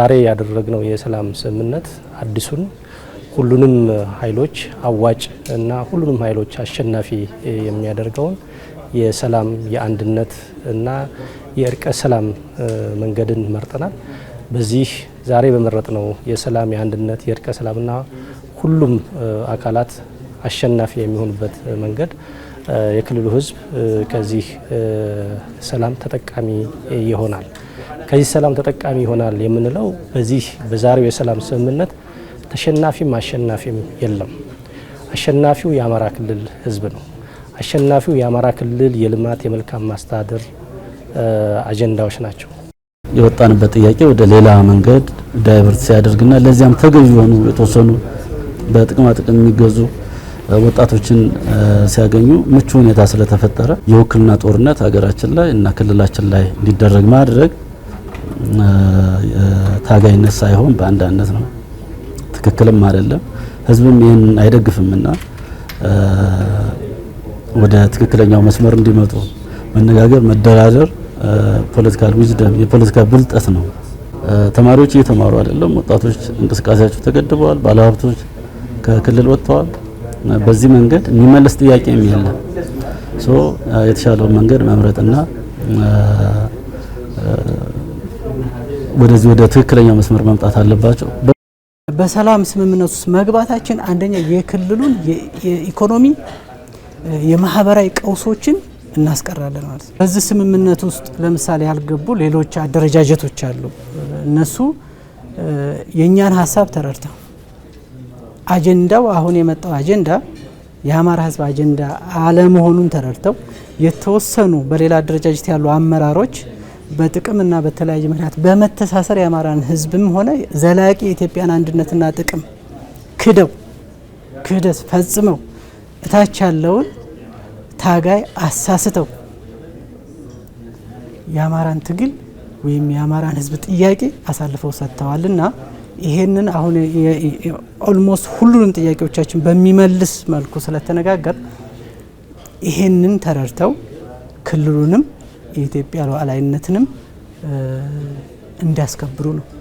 ዛሬ ያደረግነው የሰላም ስምምነት አዲሱን ሁሉንም ኃይሎች አዋጭ እና ሁሉንም ኃይሎች አሸናፊ የሚያደርገውን የሰላም የአንድነት እና የእርቀ ሰላም መንገድን መርጠናል። በዚህ ዛሬ በመረጥነው የሰላም የአንድነት የእርቀ ሰላምና ሁሉም አካላት አሸናፊ የሚሆኑበት መንገድ የክልሉ ሕዝብ ከዚህ ሰላም ተጠቃሚ ይሆናል። ከዚህ ሰላም ተጠቃሚ ይሆናል የምንለው በዚህ በዛሬው የሰላም ስምምነት ተሸናፊም አሸናፊም የለም። አሸናፊው የአማራ ክልል ህዝብ ነው። አሸናፊው የአማራ ክልል የልማት የመልካም ማስተዳደር አጀንዳዎች ናቸው። የወጣንበት ጥያቄ ወደ ሌላ መንገድ ዳይቨርት ሲያደርግና ለዚያም ተገቢ የሆኑ የተወሰኑ በጥቅማ ጥቅም የሚገዙ ወጣቶችን ሲያገኙ ምቹ ሁኔታ ስለተፈጠረ የውክልና ጦርነት ሀገራችን ላይ እና ክልላችን ላይ እንዲደረግ ማድረግ ታጋይነት ሳይሆን በአንዳነት ነው። ትክክልም አይደለም። ህዝብም ይህን አይደግፍምና ወደ ትክክለኛው መስመር እንዲመጡ መነጋገር፣ መደራደር ፖለቲካል ዊዝደም የፖለቲካ ብልጠት ነው። ተማሪዎች እየተማሩ አይደለም። ወጣቶች እንቅስቃሴያቸው ተገድበዋል። ባለሀብቶች ከክልል ወጥተዋል። በዚህ መንገድ የሚመለስ ጥያቄም የለም። ሶ የተሻለውን መንገድ መምረጥና ወደዚህ ወደ ትክክለኛው መስመር መምጣት አለባቸው። በሰላም ስምምነት ውስጥ መግባታችን አንደኛ የክልሉን የኢኮኖሚ የማህበራዊ ቀውሶችን እናስቀራለን ማለት ነው። በዚህ ስምምነት ውስጥ ለምሳሌ ያልገቡ ሌሎች አደረጃጀቶች አሉ። እነሱ የእኛን ሀሳብ ተረድተው አጀንዳው አሁን የመጣው አጀንዳ የአማራ ህዝብ አጀንዳ አለመሆኑን ተረድተው የተወሰኑ በሌላ አደረጃጀት ያሉ አመራሮች በጥቅምና በተለያየ ምክንያት በመተሳሰር የአማራን ህዝብም ሆነ ዘላቂ የኢትዮጵያን አንድነትና ጥቅም ክደው ክደስ ፈጽመው እታች ያለውን ታጋይ አሳስተው የአማራን ትግል ወይም የአማራን ህዝብ ጥያቄ አሳልፈው ሰጥተዋልና ይሄንን አሁን ኦልሞስት ሁሉንም ጥያቄዎቻችን በሚመልስ መልኩ ስለተነጋገር ይሄንን ተረድተው ክልሉንም የኢትዮጵያ ሉዓላዊነትንም እንዲያስከብሩ ነው።